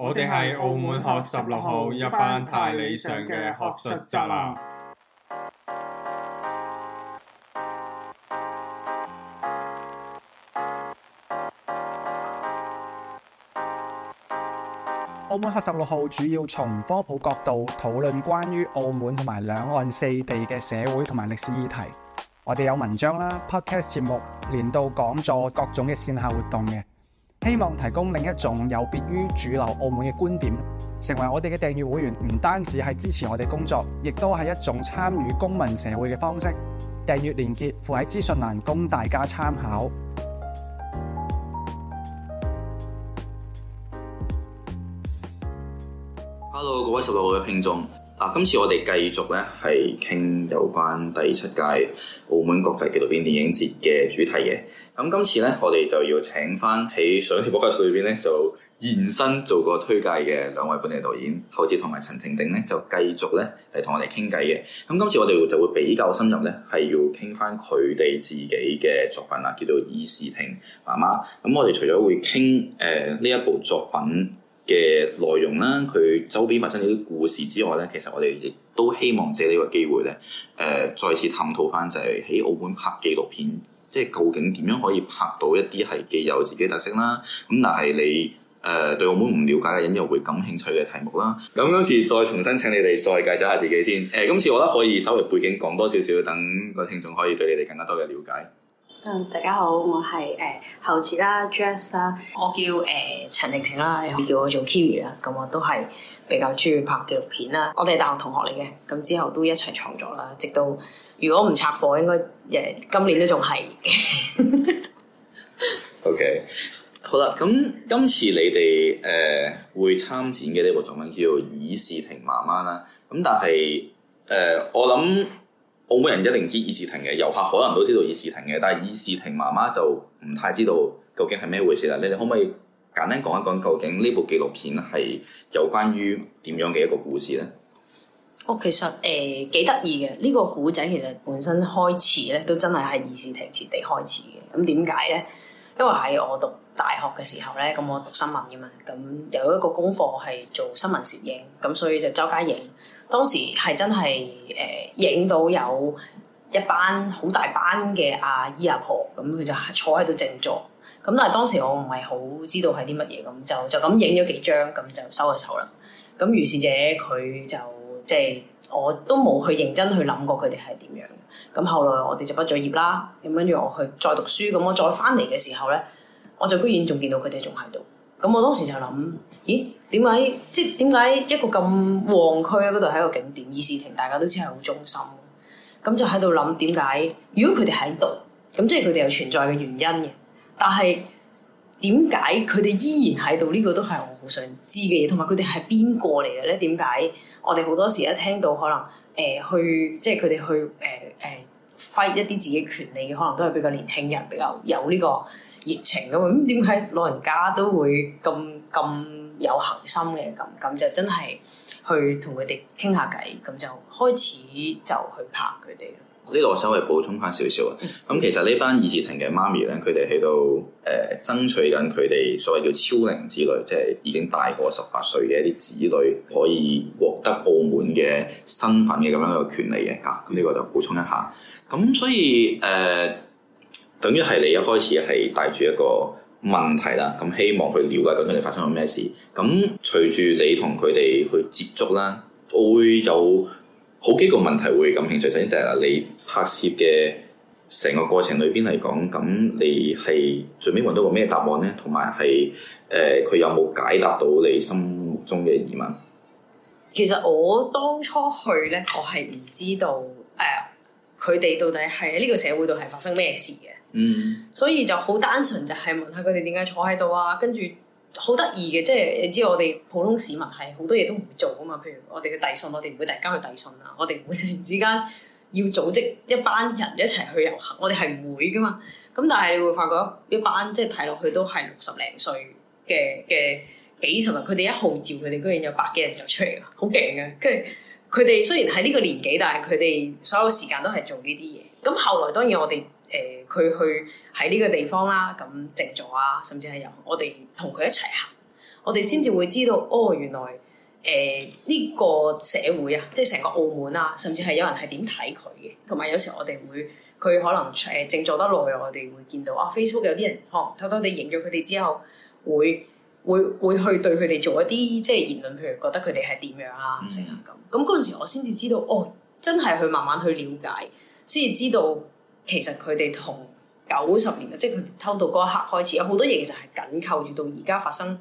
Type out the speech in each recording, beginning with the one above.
我哋係澳門學十六號一班太理想嘅學術宅男。澳門學十六號主要從科普角度討論關於澳門同埋兩岸四地嘅社會同埋歷史議題。我哋有文章啦、podcast 節目、年度講座、各種嘅線下活動嘅。希望提供另一種有別於主流澳門嘅觀點，成為我哋嘅訂閱會員，唔單止係支持我哋工作，亦都係一種參與公民社會嘅方式。訂閱連結附喺資訊欄，供大家參考。Hello，各位十六號嘅聽眾。啊！今次我哋繼續咧係傾有關第七屆澳門國際紀錄片電影節嘅主題嘅。咁、啊、今次咧，我哋就要請翻喺上條播劇裏邊咧就現身做過推介嘅兩位本地導演，侯婕同埋陳庭婷咧就繼續咧係同我哋傾偈嘅。咁、啊、今次我哋就會比較深入咧，係要傾翻佢哋自己嘅作品啦，叫做《議事亭媽媽》啊。咁、啊啊嗯、我哋除咗會傾誒呢一部作品嘅內容啦，佢周邊發生呢啲故事之外呢，其實我哋亦都希望借呢個機會呢，誒再次探討翻就係喺澳門拍紀錄片，即係究竟點樣可以拍到一啲係既有自己特色啦，咁但係你誒對澳門唔了解嘅人又會感興趣嘅題目啦。咁今次再重新請你哋再介紹下自己先。誒，今次我覺得可以稍微背景講多少少，等個聽眾可以對你哋更加多嘅了解。嗯、大家好，我係誒侯婕啦，Jazz 啦，我叫誒陳庭婷啦，又叫我做 Kiri 啦，咁我都係比較中意拍紀錄片啦，我哋係大學同學嚟嘅，咁之後都一齊創作啦，直到如果唔拆伙，應該誒、呃、今年都仲係。 OK，好啦，咁今次你哋誒、呃、會參展嘅呢個作品叫議事亭媽媽啦，咁、嗯、但係誒、呃、我諗。澳門人一定知議事亭嘅，遊客可能都知道議事亭嘅，但係議事亭媽媽就唔太知道究竟係咩回事啦。你哋可唔可以簡單講一講究竟呢部紀錄片係有關於點樣嘅一個故事呢？哦，其實誒幾得意嘅，呢、呃這個古仔其實本身開始咧都真係喺議事亭前地開始嘅。咁點解呢？因為喺我讀大學嘅時候咧，咁我讀新聞嘅嘛，咁有一個功課係做新聞攝影，咁所以就周街影。當時係真係誒影到有一班好大班嘅阿姨阿婆，咁、嗯、佢就坐喺度靜坐。咁、嗯、但係當時我唔係好知道係啲乜嘢，咁、嗯、就就咁影咗幾張，咁、嗯、就收一手啦。咁、嗯、於是者佢就即係、就是、我都冇去認真去諗過佢哋係點樣。咁、嗯、後來我哋就畢咗業啦，咁跟住我去再讀書。咁、嗯、我再翻嚟嘅時候咧，我就居然仲見到佢哋仲喺度。咁我當時就諗，咦？點解即係點解一個咁旺區咧？嗰度係一個景點，議事亭大家都知係好中心。咁就喺度諗點解？如果佢哋喺度，咁即係佢哋有存在嘅原因嘅。但係點解佢哋依然喺度？呢個都係我好想知嘅嘢。同埋佢哋係邊個嚟嘅咧？點解我哋好多時一聽到可能誒、呃、去，即係佢哋去誒誒揮一啲自己權利嘅，可能都係比較年輕人，比較有呢個。熱情咁，咁點解老人家都會咁咁有恒心嘅？咁咁就真係去同佢哋傾下偈，咁就開始就去拍佢哋。呢個我稍微補充翻少少啊。咁、嗯、其實議媽媽呢班議事亭嘅媽咪咧，佢哋喺度誒爭取緊佢哋所謂叫超齡子女，即係已經大過十八歲嘅一啲子女，可以獲得澳門嘅身份嘅咁樣嘅一個權利嘅。嚇、啊，咁呢個就補充一下。咁所以誒。呃等於係你一開始係帶住一個問題啦，咁希望去了解究竟你發生咗咩事。咁隨住你同佢哋去接觸啦，我會有好幾個問題會感興趣。首先就係你拍攝嘅成個過程裏邊嚟講，咁你係最尾揾到個咩答案呢？同埋係誒，佢，呃、有冇解答到你心目中嘅疑問？其實我當初去呢，我係唔知道誒，佢哋到底係喺呢個社會度係發生咩事嘅。嗯，mm hmm. 所以就好單純就係問下佢哋點解坐喺度啊，跟住好得意嘅，即係你知我哋普通市民係好多嘢都唔會做啊嘛，譬如我哋去遞信，我哋唔會突然間去遞信啊，我哋唔會突然之間要組織一班人一齊去遊行，我哋係唔會噶嘛。咁但係你會發覺一班即係睇落去都係六十零歲嘅嘅幾十人，佢哋一號召，佢哋居然有百幾人就出嚟噶，好勁啊，跟住佢哋雖然喺呢個年紀，但係佢哋所有時間都係做呢啲嘢。咁後來當然我哋誒佢去喺呢個地方啦，咁靜坐啊，甚至係由我哋同佢一齊行，我哋先至會知道哦，原來誒呢、呃這個社會啊，即係成個澳門啊，甚至係有人係點睇佢嘅，同埋有，有時我哋會佢可能誒靜坐得耐，我哋會見到啊、哦、Facebook 有啲人可能偷偷地影咗佢哋之後，會會會去對佢哋做一啲即係言論，譬如覺得佢哋係點樣啊，嗯、成啊咁。咁嗰陣時我先至知道哦，真係去慢慢去了解。先至知道，其實佢哋同九十年嘅，即係佢偷渡嗰一刻開始，有好多嘢其實係緊扣住到而家發生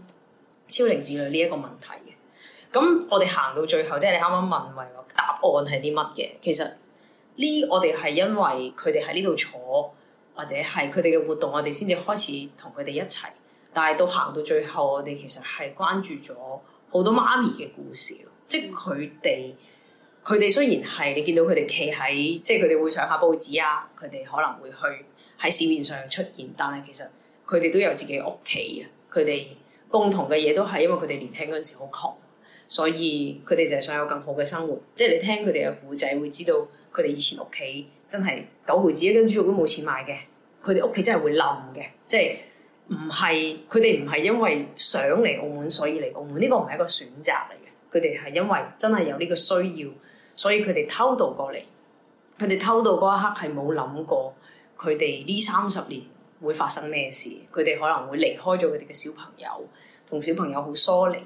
超齡子女呢一個問題嘅。咁我哋行到最後，即係你啱啱問我答案係啲乜嘅？其實呢，我哋係因為佢哋喺呢度坐，或者係佢哋嘅活動，我哋先至開始同佢哋一齊。但係到行到最後，我哋其實係關注咗好多媽咪嘅故事，即係佢哋。佢哋雖然係你見到佢哋企喺，即係佢哋會上下報紙啊，佢哋可能會去喺市面上出現，但係其實佢哋都有自己屋企啊。佢哋共同嘅嘢都係因為佢哋年輕嗰陣時好窮，所以佢哋就係想有更好嘅生活。即係你聽佢哋嘅古仔，會知道佢哋以前屋企真係九毫紙一斤豬肉都冇錢買嘅。佢哋屋企真係會冧嘅，即係唔係佢哋唔係因為想嚟澳門所以嚟澳門，呢個唔係一個選擇嚟嘅。佢哋係因為真係有呢個需要。所以佢哋偷渡過嚟，佢哋偷渡嗰一刻係冇諗過佢哋呢三十年會發生咩事。佢哋可能會離開咗佢哋嘅小朋友，同小朋友好疏離，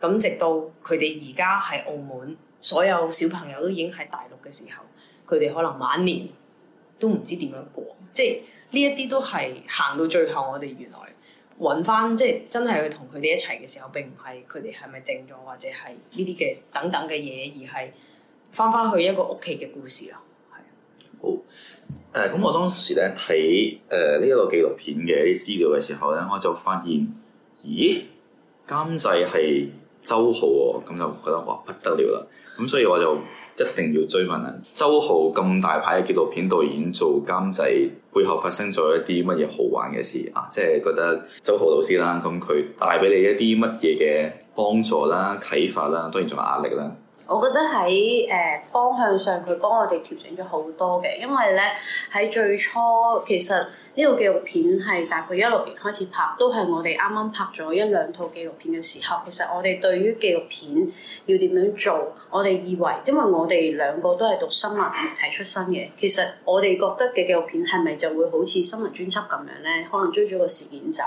咁直到佢哋而家喺澳門所有小朋友都已經喺大陸嘅時候，佢哋可能晚年都唔知點樣過，即係呢一啲都係行到最後，我哋原來揾翻，即係真係去同佢哋一齊嘅時候，並唔係佢哋係咪靜咗，或者係呢啲嘅等等嘅嘢，而係，翻翻去一個屋企嘅故事啊，係。好，誒、呃、咁，我當時咧睇誒呢一、呃這個紀錄片嘅資料嘅時候咧，我就發現，咦，監製係周浩喎、哦，咁就覺得哇不得了啦。咁所以我就一定要追問，周浩咁大牌嘅紀錄片導演做監製，背後發生咗一啲乜嘢好玩嘅事啊？即係覺得周浩老師啦，咁佢帶俾你一啲乜嘢嘅幫助啦、啟發啦，當然仲有壓力啦。我覺得喺誒、呃、方向上，佢幫我哋調整咗好多嘅，因為咧喺最初其實呢套紀錄片係大概一六年開始拍，都係我哋啱啱拍咗一兩套紀錄片嘅時候，其實我哋對於紀錄片要點樣做，我哋以為因為我哋兩個都係讀新聞媒體出身嘅，其實我哋覺得嘅紀錄片係咪就會好似新聞專輯咁樣咧？可能追咗個事件走。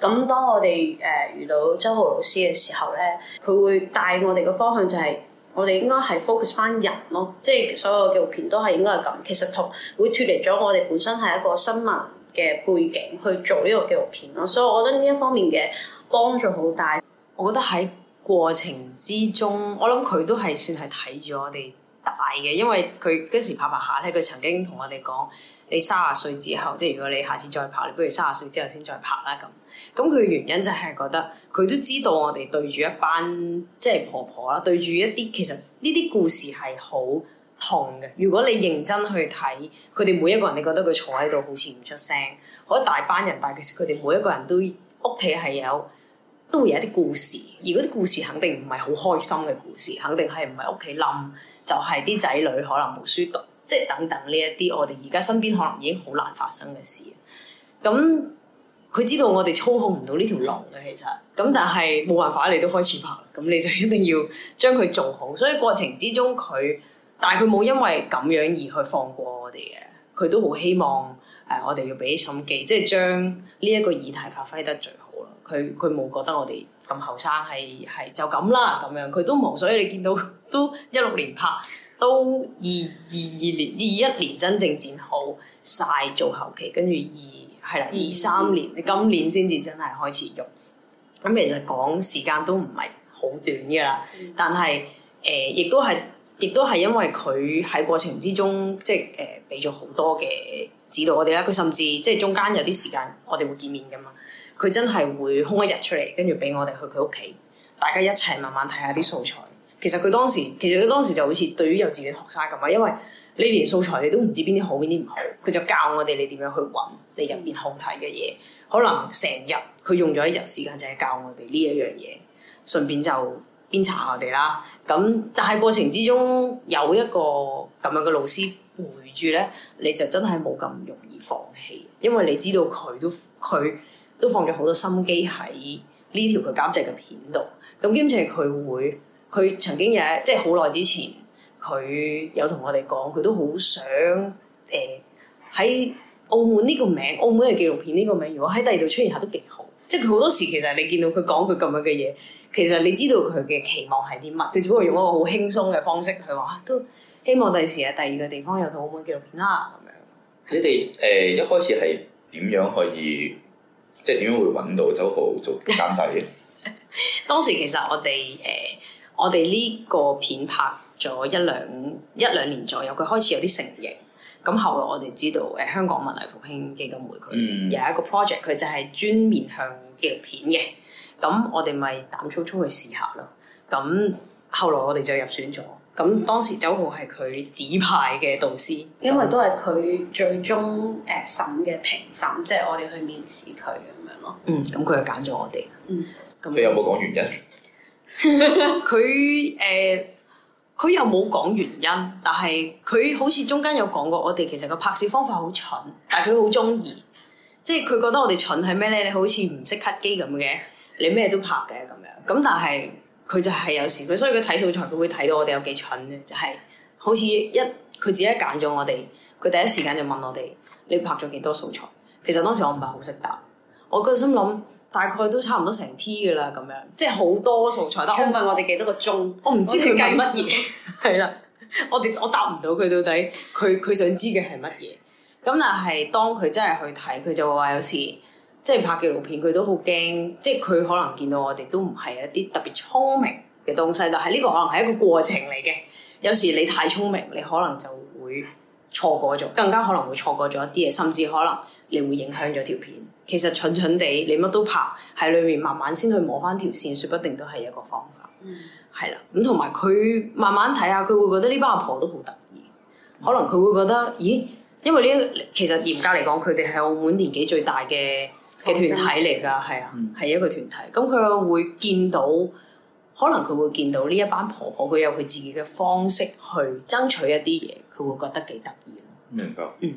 咁當我哋誒、呃、遇到周浩老師嘅時候咧，佢會帶我哋嘅方向就係、是。我哋應該係 focus 翻人咯，即係所有嘅紀錄片都係應該係咁。其實同會脫離咗我哋本身係一個新聞嘅背景去做呢個紀錄片咯，所以我覺得呢一方面嘅幫助好大。我覺得喺過程之中，我諗佢都係算係睇住我哋。大嘅，因為佢嗰時拍拍下咧，佢曾經同我哋講：你三十歲之後，即係如果你下次再拍，你不如三十歲之後先再拍啦咁。咁佢原因就係覺得佢都知道我哋對住一班即係婆婆啦，對住一啲其實呢啲故事係好痛嘅。如果你認真去睇，佢哋每一個人，你覺得佢坐喺度好似唔出聲，好大班人大，但係其實佢哋每一個人都屋企係有。都會有一啲故事，而嗰啲故事肯定唔係好開心嘅故事，肯定係唔係屋企冧，就係啲仔女可能冇書讀，即係等等呢一啲我哋而家身邊可能已經好難發生嘅事。咁、嗯、佢知道我哋操控唔到呢條龍嘅，其實咁、嗯、但係冇辦法，你都開始拍，咁你就一定要將佢做好。所以過程之中，佢但係佢冇因為咁樣而去放過我哋嘅，佢都好希望誒、呃、我哋要俾心機，即係將呢一個議題發揮得最好。佢佢冇覺得我哋咁後生，係係就咁啦咁樣，佢都冇。所以你見到都一六年拍，都二二二年二一年真正剪好晒做後期，跟住二係啦，二三年、嗯、今年先至真係開始用。咁其實講時間都唔係好短嘅啦，嗯、但係誒、呃、亦都係亦都係因為佢喺過程之中，即係誒俾咗好多嘅指導我哋啦。佢甚至即係中間有啲時間，我哋會見面㗎嘛。佢真係會空一日出嚟，跟住俾我哋去佢屋企，大家一齊慢慢睇下啲素材。其實佢當時，其實佢當時就好似對於幼稚園學生咁啊，因為你連素材你都唔知邊啲好邊啲唔好，佢就教我哋你點樣去揾你入面好睇嘅嘢。可能成日佢用咗一日時間，就係教我哋呢一樣嘢，順便就鞭策下我哋啦。咁但係過程之中有一個咁樣嘅老師陪住咧，你就真係冇咁容易放棄，因為你知道佢都佢，都放咗好多心機喺呢條佢監製嘅片度，咁兼且佢會，佢曾經有即係好耐之前，佢有同我哋講，佢都好想誒喺、呃、澳門呢個名，澳門嘅紀錄片呢個名，如果喺第二度出現下都幾好。即係佢好多時其實你見到佢講佢咁樣嘅嘢，其實你知道佢嘅期望係啲乜？佢只不過用一個好輕鬆嘅方式去話，都希望第時喺第二個地方有套澳門紀錄片啦、啊、咁樣。你哋誒、呃、一開始係點樣可以？即係點樣會揾到周浩做監製嘅？ 當時其實我哋誒、呃，我哋呢個片拍咗一兩一兩年左右，佢開始有啲成形。咁後來我哋知道誒、呃、香港文藝復興基金會佢有一個 project，佢就係專面向紀錄片嘅。咁我哋咪膽粗粗去試下咯。咁後來我哋就入選咗。咁、嗯、當時周浩係佢指派嘅導師，因為都係佢最終誒審嘅評審，嗯、即係我哋去面試佢咁樣咯。嗯，咁佢又揀咗我哋。嗯，那你有冇講原因？佢誒， 佢又冇講原因，但係佢好似中間有講過我，我哋其實個拍攝方法好蠢，但係佢好中意，即係佢覺得我哋蠢係咩咧？你好似唔識 cut 機咁嘅，你咩都拍嘅咁樣，咁 但係。佢就係有時，佢所以佢睇素材，佢會睇到我哋有幾蠢嘅，就係、是、好似一佢自己揀咗我哋，佢第一時間就問我哋：你拍咗幾多素材？其實當時我唔係好識答，我個心諗大概都差唔多成 T 嘅啦，咁樣即係好多素材。但佢問我哋幾多個鐘，我唔知佢計乜嘢。係啦，我哋我答唔到佢到底，佢佢想知嘅係乜嘢？咁但係當佢真係去睇，佢就會話有時。即係拍紀錄片，佢都好驚。即係佢可能見到我哋都唔係一啲特別聰明嘅東西，但係呢個可能係一個過程嚟嘅。有時你太聰明，你可能就會錯過咗，更加可能會錯過咗一啲嘢，甚至可能你會影響咗條片。其實蠢蠢地，你乜都拍喺裏面，慢慢先去摸翻條線，說不定都係一個方法。嗯，係啦。咁同埋佢慢慢睇下，佢會覺得呢班阿婆都好得意。可能佢會覺得，咦？因為呢、呢個，其實嚴格嚟講，佢哋係澳門年紀最大嘅。嘅團體嚟㗎，係啊、嗯，係一個團體。咁、嗯、佢、嗯、會見到，可能佢會見到呢一班婆婆，佢有佢自己嘅方式去爭取一啲嘢，佢會覺得幾得意咯。明白。嗯。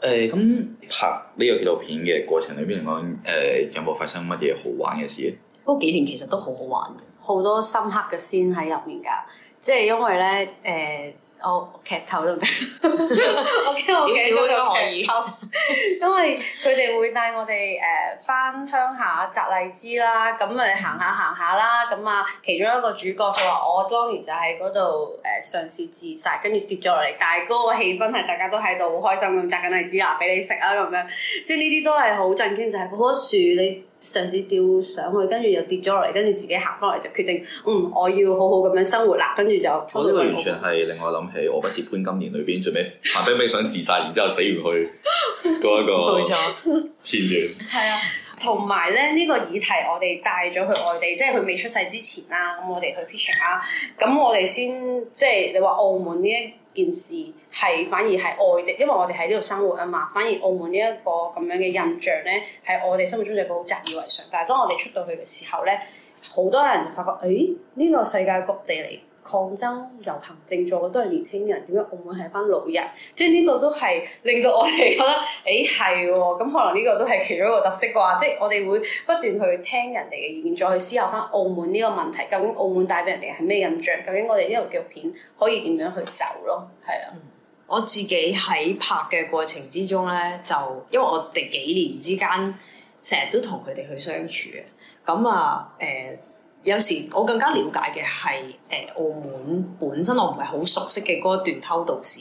誒、嗯，咁、呃、拍呢個紀錄片嘅過程裏邊嚟講，誒、呃、有冇發生乜嘢好玩嘅事咧？嗰幾年其實都好好玩，好多深刻嘅先喺入面㗎。即係因為咧，誒、呃。我劇透都得，少少應該可以。 因為佢哋會帶我哋誒翻鄉下摘荔枝啦，咁咪行下行下啦。咁啊，其中一個主角佢話： 我當年就喺嗰度誒嘗試自殺，跟住跌咗落嚟。但係嗰個氣氛係大家都喺度好開心咁摘緊荔枝啊，俾你食啊咁樣。即係呢啲都係好震驚，就係嗰棵樹你。嘗試吊上去，跟住又跌咗落嚟，跟住自己行翻嚟就決定，嗯，我要好好咁樣生活啦。跟住就我完全係令我諗起《 我不是潘金蓮》裏邊最尾范冰冰想自殺，然之後死唔去嗰 一個片段。冇錯。係啊，同埋咧呢、呢個議題，我哋帶咗去外地，即係佢未出世之前啦。咁我哋去 pitching 啦、er，咁我哋先即係你話澳門呢？件事係反而係外地，因為我哋喺呢度生活啊嘛，反而澳門呢一個咁樣嘅印象咧，喺我哋心目中就好習以為常。但係當我哋出到去嘅時候咧，好多人就發覺，誒呢、哎這個世界各地嚟。抗爭遊行靜坐都係年輕人，點解澳門係一班老人？即係呢個都係令到我哋覺得，誒係喎，咁可能呢個都係其中一個特色啩。即係我哋會不斷去聽人哋嘅意見，再去思考翻澳門呢個問題，究竟澳門帶俾人哋係咩印象？究竟我哋呢部紀錄片可以點樣去走咯？係啊，嗯，我自己喺拍嘅過程之中咧，就因為我哋幾年之間成日都同佢哋去相處，咁啊誒。欸有時我更加了解嘅係誒澳門本身，我唔係好熟悉嘅嗰一段偷渡史，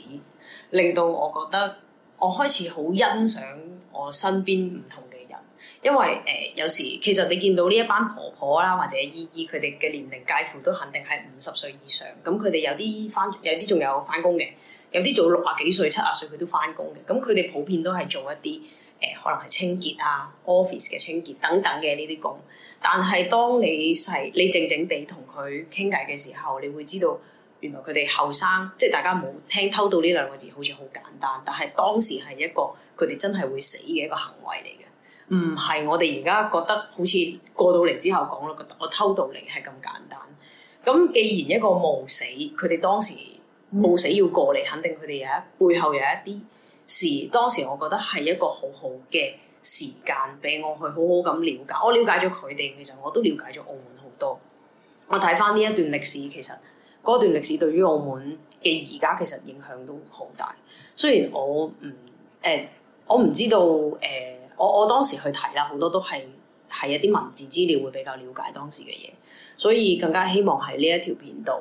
令到我覺得我開始好欣賞我身邊唔同嘅人，因為誒、呃、有時其實你見到呢一班婆婆啦，或者姨姨，佢哋嘅年齡介乎都肯定係五十歲以上，咁佢哋有啲返有啲仲有返工嘅，有啲做六啊幾歲七啊歲佢都返工嘅，咁佢哋普遍都係做一啲。誒、呃、可能係清潔啊，office 嘅清潔等等嘅呢啲工，但係當你係你靜靜地同佢傾偈嘅時候，你會知道原來佢哋後生，即係大家冇聽偷渡呢兩個字，好似好簡單，但係當時係一個佢哋真係會死嘅一個行為嚟嘅，唔係我哋而家覺得好似過到嚟之後講咯，覺得我偷渡嚟係咁簡單。咁既然一個冒死，佢哋當時冒死要過嚟，肯定佢哋有一背後有一啲。時當時，我覺得係一個好好嘅時間，俾我去好好咁了解。我了解咗佢哋，其實我都了解咗澳門好多。我睇返呢一段歷史，其實嗰段歷史對於澳門嘅而家其實影響都好大。雖然我唔誒、嗯欸，我唔知道誒、欸，我我當時去睇啦，好多都係係一啲文字資料會比較了解當時嘅嘢，所以更加希望喺呢一條片度。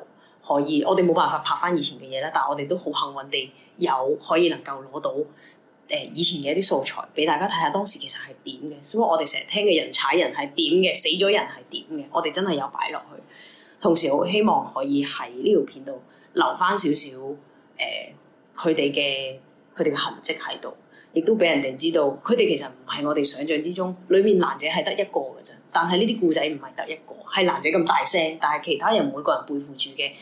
可以，我哋冇辦法拍翻以前嘅嘢啦，但係我哋都好幸運地有可以能夠攞到誒、呃、以前嘅一啲素材俾大家睇下當時其實係點嘅，所以我哋成日聽嘅人踩人係點嘅，死咗人係點嘅，我哋真係有擺落去。同時好希望可以喺呢條片度留翻少少誒佢哋嘅佢哋嘅痕跡喺度，亦都俾人哋知道佢哋其實唔係我哋想像之中，裡面難者係得一個嘅啫。但係呢啲故仔唔係得一個，係男仔咁大聲，但係其他人每個人背負住嘅，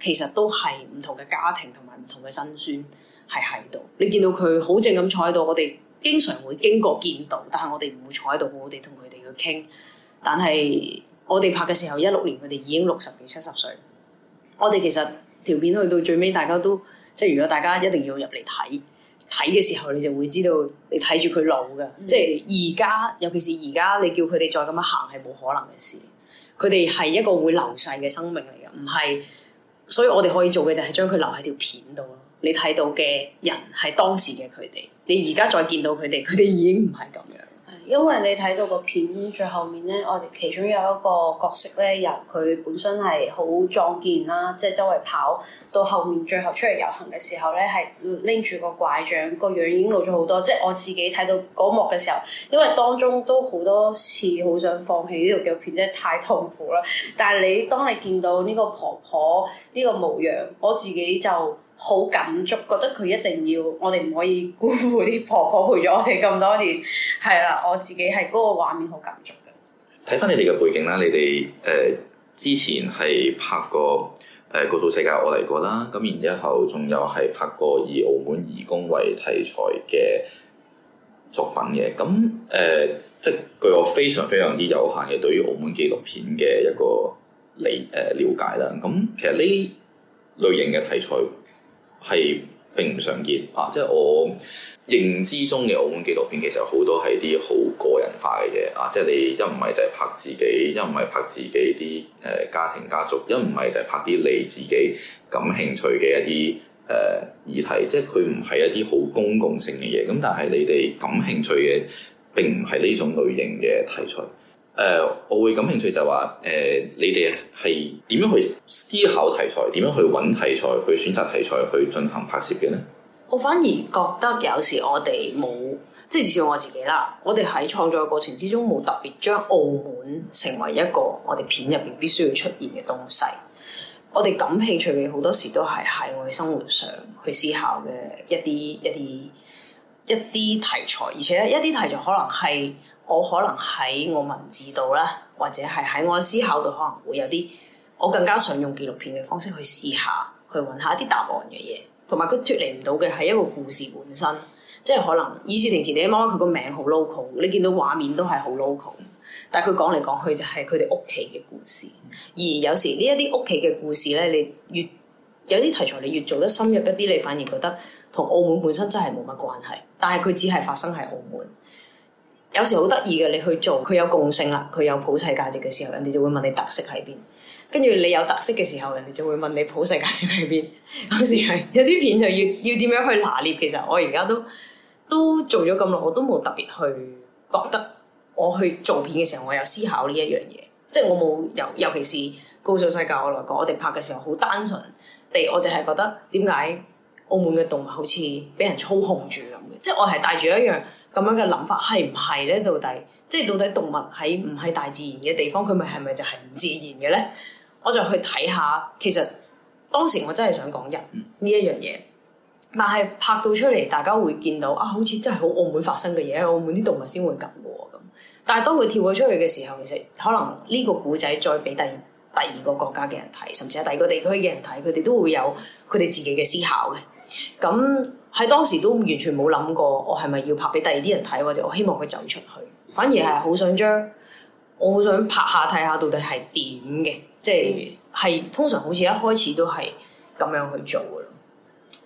其實都係唔同嘅家庭同埋唔同嘅辛酸係喺度。你見到佢好靜咁坐喺度，我哋經常會經過見到，但係我哋唔會坐喺度，我哋同佢哋去傾。但係我哋拍嘅時候，一六年佢哋已經六十幾七十歲。我哋其實條片去到最尾，大家都即係如果大家一定要入嚟睇。睇嘅時候，你就會知道你睇住佢老嘅，嗯、即係而家，尤其是而家，你叫佢哋再咁樣行係冇可能嘅事。佢哋係一個會流逝嘅生命嚟嘅，唔係，所以我哋可以做嘅就係將佢留喺條片度咯。你睇到嘅人係當時嘅佢哋，你而家再見到佢哋，佢哋已經唔係咁樣。因為你睇到個片最後面咧，我哋其中有一個角色咧，由佢本身係好壯健啦，即係周圍跑，到後面最後出嚟遊行嘅時候咧，係拎住個拐杖，個樣已經老咗好多。即係我自己睇到嗰幕嘅時候，因為當中都好多次好想放棄呢條腳片，真係太痛苦啦。但係你當你見到呢個婆婆呢個模樣，我自己就～好感觸，覺得佢一定要，我哋唔可以辜負啲婆婆陪咗我哋咁多年，係啦，我自己係嗰個畫面好感觸嘅。睇翻你哋嘅背景啦，你哋誒、呃、之前係拍過誒、呃《高速世界我嚟過》啦，咁然之後仲有係拍過以澳門義工為題材嘅作品嘅，咁誒、呃，即係據我非常非常之有限嘅對於澳門紀錄片嘅一個理誒瞭、呃、解啦，咁其實呢類型嘅題材。係並唔常見啊！即係我認知中嘅澳門紀錄片，其實好多係啲好個人化嘅嘢啊！即係你一唔係就係拍自己，一唔係拍自己啲誒家庭家族，一唔係就係拍啲你自己感興趣嘅一啲誒、啊、議題。即係佢唔係一啲好公共性嘅嘢。咁、啊、但係你哋感興趣嘅並唔係呢種類型嘅題材。誒，uh, 我會感興趣就話，誒、uh，你哋係點樣去思考題材？點樣去揾題材？去選擇題材？去進行拍攝嘅呢？我反而覺得有時我哋冇，即係至少我自己啦，我哋喺創作過程之中冇特別將澳門成為一個我哋片入邊必須要出現嘅東西。我哋感興趣嘅好多時都係喺我哋生活上去思考嘅一啲一啲一啲題材，而且一啲題材可能係。我可能喺我文字度啦，或者係喺我思考度，可能會有啲我更加想用紀錄片嘅方式去試下去揾下一啲答案嘅嘢，同埋佢脫離唔到嘅係一個故事本身，即係可能《議事亭前地嘅媽媽》佢個名好 local，你見到畫面都係好 local，但係佢講嚟講去就係佢哋屋企嘅故事。而有時呢一啲屋企嘅故事咧，你越有啲題材，你越做得深入一啲，你反而覺得同澳門本身真係冇乜關係，但係佢只係發生喺澳門。有時好得意嘅，你去做，佢有共性啦，佢有普世價值嘅時候，人哋就會問你特色喺邊。跟住你有特色嘅時候，人哋就會問你普世價值喺邊。時有時係有啲片就要要點樣去拿捏。其實我而家都都做咗咁耐，我都冇特別去覺得我去做片嘅時候，我有思考呢一樣嘢。即係我冇尤尤其是高素世界。我來講，我哋拍嘅時候好單純地，我淨係覺得點解澳門嘅動物好似俾人操控住咁嘅。即係我係帶住一樣。咁樣嘅諗法係唔係咧？到底即係到，到底動物喺唔係大自然嘅地方，佢咪係咪就係唔自然嘅咧？我就去睇下，其實當時我真係想講人呢一樣嘢，但係拍到出嚟，大家會見到啊，好似真係好澳門發生嘅嘢，澳門啲動物先會咁喎咁。但係當佢跳咗出去嘅時候，其實可能呢個古仔再俾第第二個國家嘅人睇，甚至係第二個地區嘅人睇，佢哋都會有佢哋自己嘅思考嘅。咁喺當時都完全冇諗過，我係咪要拍俾第二啲人睇，或者我希望佢走出去，反而係好想將我好想拍下睇下，到底係點嘅，即係、嗯、通常好似一開始都係咁樣去做噶啦。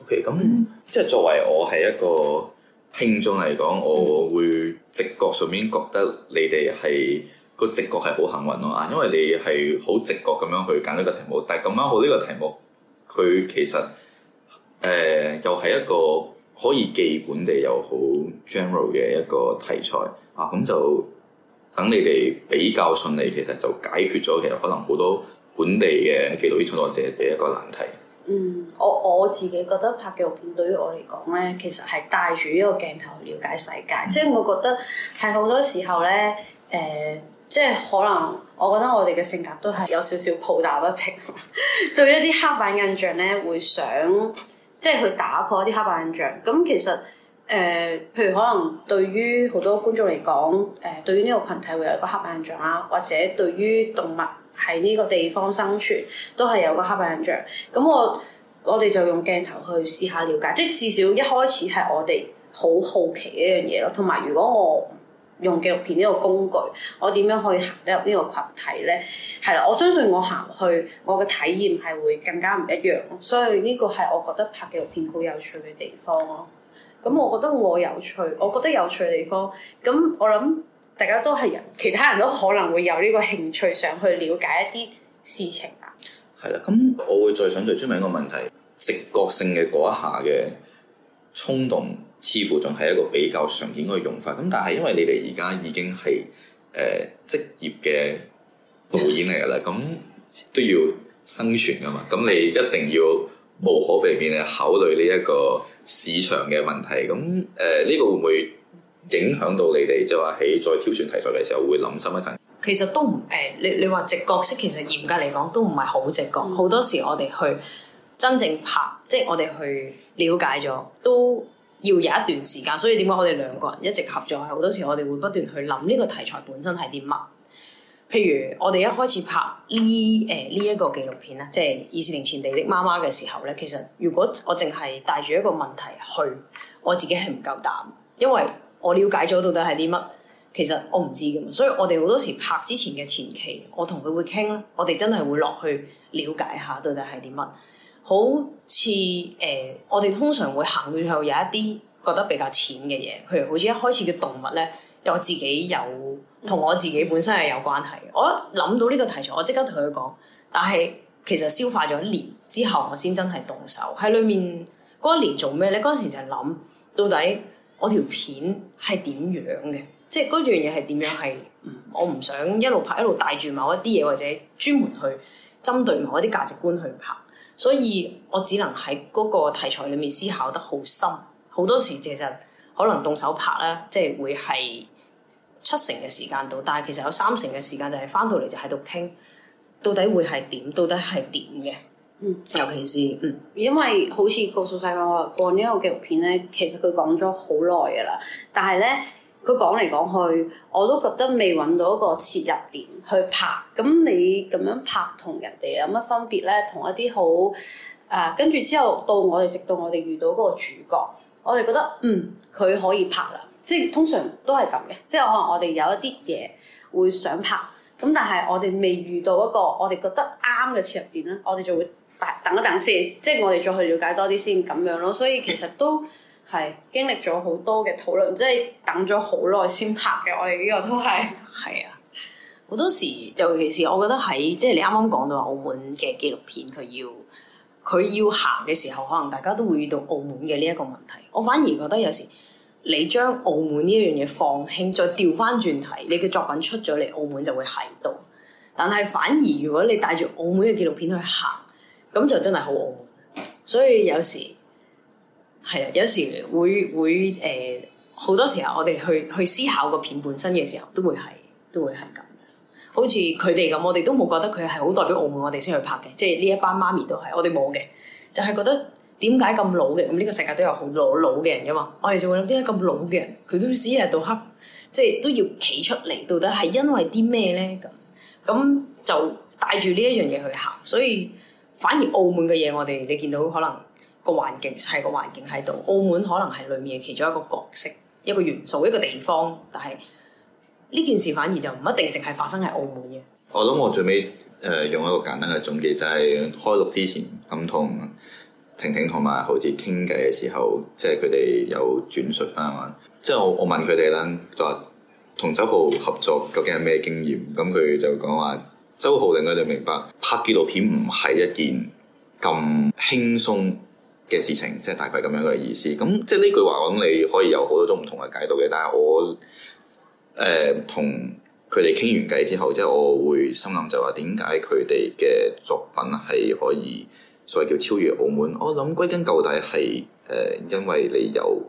OK，咁即係作為我係一個聽眾嚟講，嗯、我會直覺上面覺得你哋係個直覺係好幸運咯啊，因為你係好直覺咁樣去揀呢個題目，但咁啱好呢個題目，佢其實。誒、呃、又係一個可以既本地又好 general 嘅一個題材啊！咁就等你哋比較順利，其實就解決咗。其實可能好多本地嘅紀錄於創作者嘅一個難題。嗯，我我自己覺得拍紀錄片對於我嚟講咧，其實係帶住呢個鏡頭了解世界。嗯、即係我覺得係好多時候咧，誒、呃，即係可能我覺得我哋嘅性格都係有少少抱打不平， 對一啲刻板印象咧會想。即係去打破一啲黑白印象。咁其實，誒、呃，譬如可能對於好多觀眾嚟講，誒、呃，對於呢個群體會有一個黑白印象啦，或者對於動物喺呢個地方生存都係有個黑白印象。咁我我哋就用鏡頭去試下了解，即係至少一開始係我哋好好奇嘅一樣嘢咯。同埋，如果我用紀錄片呢個工具，我點樣可以行得入呢個群體呢？係啦，我相信我行去，我嘅體驗係會更加唔一樣。所以呢個係我覺得拍紀錄片好有趣嘅地方咯。咁我覺得我有趣，我覺得有趣嘅地方，咁我諗大家都係人，其他人都可能會有呢個興趣，想去了解一啲事情啊。係啦，咁我會再想再專問一個問題：直覺性嘅嗰一下嘅衝動。似乎仲係一個比較常見嘅用法，咁但係因為你哋而家已經係誒職業嘅導演嚟嘅啦，咁 都要生存噶嘛，咁你一定要無可避免嘅考慮呢一個市場嘅問題，咁誒呢個會唔會影響到你哋，就話喺再挑選題材嘅時候會諗深一層？呃，其實都唔誒，你你話直覺式其實嚴格嚟講都唔係好直覺，好、嗯、多時我哋去真正拍，即係我哋去了解咗都。要有一段時間，所以點解我哋兩個人一直合作係好多時，我哋會不斷去諗呢個題材本身係啲乜？譬如我哋一開始拍呢誒呢一個紀錄片啦，即係《議事亭前地的媽媽》嘅時候咧，其實如果我淨係帶住一個問題去，我自己係唔夠膽，因為我了解咗到底係啲乜，其實我唔知噶嘛。所以我哋好多時拍之前嘅前期，我同佢會傾啦，我哋真係會落去了解下到底係啲乜。好似誒、呃，我哋通常會行到最後有一啲覺得比較淺嘅嘢，譬如好似一開始嘅動物咧，我自己有同我自己本身係有關係嘅。我一諗到呢個題材，我即刻同佢講，但係其實消化咗一年之後，我先真係動手喺裏面。嗰一年做咩咧？嗰陣時就係諗到底我條片係點樣嘅，即係嗰樣嘢係點樣，係唔我唔想一路拍一路帶住某一啲嘢，或者專門去針對某一啲價值觀去拍。所以我只能喺嗰個題材裏面思考得好深，好多時其實可能動手拍啦，即係會係七成嘅時間度，但係其實有三成嘅時間就係返到嚟就喺度傾，到底會係點？到底係點嘅？嗯，尤其是嗯，因為好似告訴曬我過呢一個紀錄片咧，其實佢講咗好耐㗎啦，但係咧。佢講嚟講去，我都覺得未揾到一個切入點去拍。咁你咁樣拍同人哋有乜分別咧？同一啲好啊，呃，跟住之後到我哋，直到我哋遇到嗰個主角，我哋覺得嗯，佢可以拍啦。即係通常都係咁嘅，即係可能我哋有一啲嘢會想拍，咁但係我哋未遇到一個我哋覺得啱嘅切入點咧，我哋就會等一等先，即係我哋再去了解多啲先咁樣咯。所以其實都。係經歷咗好多嘅討論，即係等咗好耐先拍嘅。我哋呢個都係係 啊，好多時，尤其是我覺得喺即係你啱啱講到澳門嘅紀錄片，佢要佢要行嘅時候，可能大家都會遇到澳門嘅呢一個問題。我反而覺得有時你將澳門呢一樣嘢放輕，再調翻轉睇，你嘅作品出咗嚟澳門就會喺度。但係反而如果你帶住澳門嘅紀錄片去行，咁就真係好澳門。所以有時。係啊，有時會會誒好、呃、多時候我，我哋去去思考個片本身嘅時候，都會係都會係咁。好似佢哋咁，我哋都冇覺得佢係好代表澳門，我哋先去拍嘅。即係呢一班媽咪都係，我哋冇嘅。就係、是、覺得點解咁老嘅？咁呢個世界都有好老老嘅人㗎嘛。我哋就會諗點解咁老嘅，佢都，都要一日到黑，即係都要企出嚟，到底係因為啲咩咧？咁咁就帶住呢一樣嘢去行，所以反而澳門嘅嘢，我哋你見到可能。環個環境係個環境喺度，澳門可能係裏面嘅其中一個角色、一個元素、一個地方，但係呢件事反而就唔一定淨係發生喺澳門嘅。我諗我最尾誒用一個簡單嘅總結，就係開錄之前，咁同婷婷同埋侯婕傾偈嘅時候，即係佢哋有轉述翻，即係我我問佢哋啦，就話同周浩合作究竟係咩經驗？咁佢就講話周浩令佢哋明白拍紀錄片唔係一件咁輕鬆嘅事情，即係大概咁樣嘅意思。咁即係呢句話，我諗你可以有好多種唔同嘅解讀嘅。但係我，誒、呃，同佢哋傾完偈之後，即係我會心諗就話，點解佢哋嘅作品係可以所謂叫超越澳門？我諗歸根究底係誒、呃，因為你有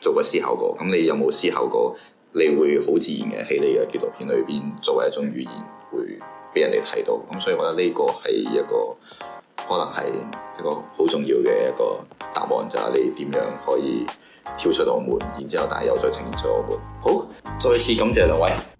做過思考過。咁你有冇思考過？你會好自然嘅喺你嘅紀錄片裏邊，作為一種語言，會俾人哋睇到。咁所以我覺得呢個係一個。可能係一個好重要嘅一個答案，就係、是、你點樣可以跳出澳門，然之後大家又再呈現出澳門。好，再次感謝兩位。